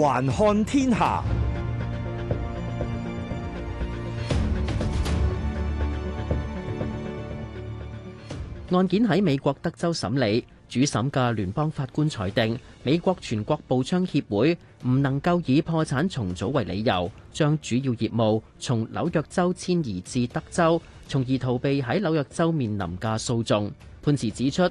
環看天下，案件喺美國德州審理，主審嘅聯邦法官裁定，美國全國步槍協會唔能夠以破產重組為理由，將主要業務從紐約州遷移至德州，從而逃避喺紐約州面臨嘅訴訟。判詞指出。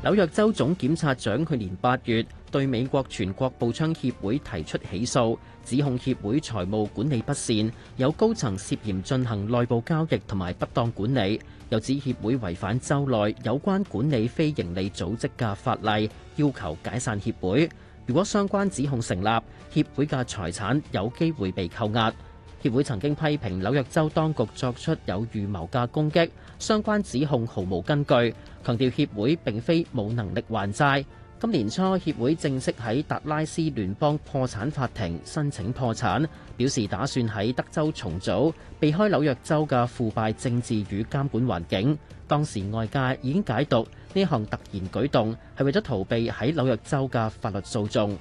紐約州總檢察長去年八月對美國全國步槍協會提出起訴，指控協會財務管理不善，有高層涉嫌進行內部交易同埋不當管理，又指協會違反州內有關管理非營利組織嘅法例，要求解散協會。如果相關指控成立，協會嘅財產有機會被扣押。協會曾經批評紐約州當局作出有預謀嘅攻擊，相關指控毫無根據，強調協會並非冇能力還債。今年初，協會正式喺達拉斯聯邦破產法庭申請破產，表示打算喺德州重組，避開紐約州嘅腐敗政治與監管環境。當時外界已經解讀，呢項突然舉動係為咗逃避喺紐約州嘅法律訴訟。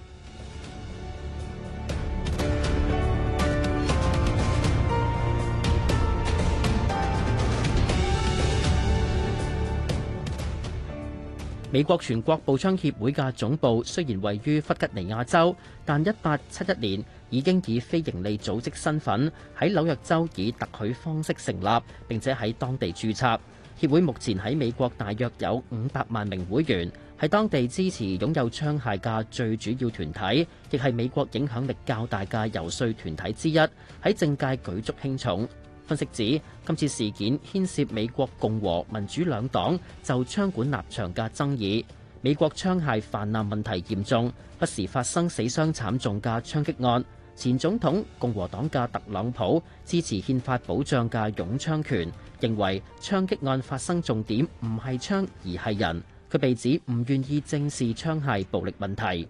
美國全國步槍協會嘅總部雖然位於弗吉尼亞州，但一八七一年已經以非營利組織身份喺紐約州以特許方式成立，並且喺當地註冊。協會目前喺美國大約有五百萬名會員，係當地支持擁有槍械嘅最主要團體，亦係美國影響力較大嘅遊說團體之一，喺政界舉足輕重。分析指，今次事件牽涉美國共和民主兩黨就槍管立場嘅爭議，美國槍械泛濫問題嚴重，不時發生死傷慘重嘅槍擊案。前總統共和黨嘅特朗普支持憲法保障嘅擁槍權，認為槍擊案發生重點唔係槍而係人。佢被指唔願意正視槍械暴力問題。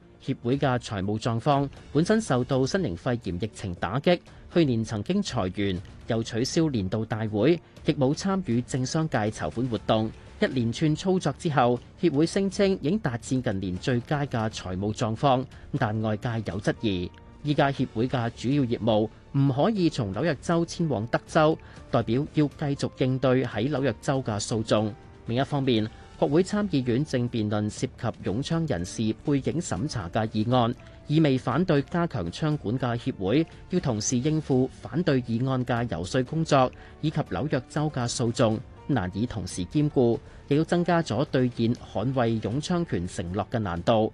協會嘅財務狀況本身受到新型肺炎疫情打擊，去年曾經裁員，又取消年度大會，亦冇參與政商界籌款活動。一連串操作之後，協會聲稱已經達至近年最佳嘅財務狀況，但外界有質疑。依家協會嘅主要業務唔可以從紐約州遷往德州，代表要繼續應對喺紐約州嘅訴訟。另一方面，國會參議院正辯論涉及擁槍人士背景審查嘅議案，意味反對加強槍管嘅協會要同時應付反對議案嘅遊說工作，以及紐約州嘅訴訟，難以同時兼顧，亦都增加咗兌現捍衛擁槍權承諾嘅難度。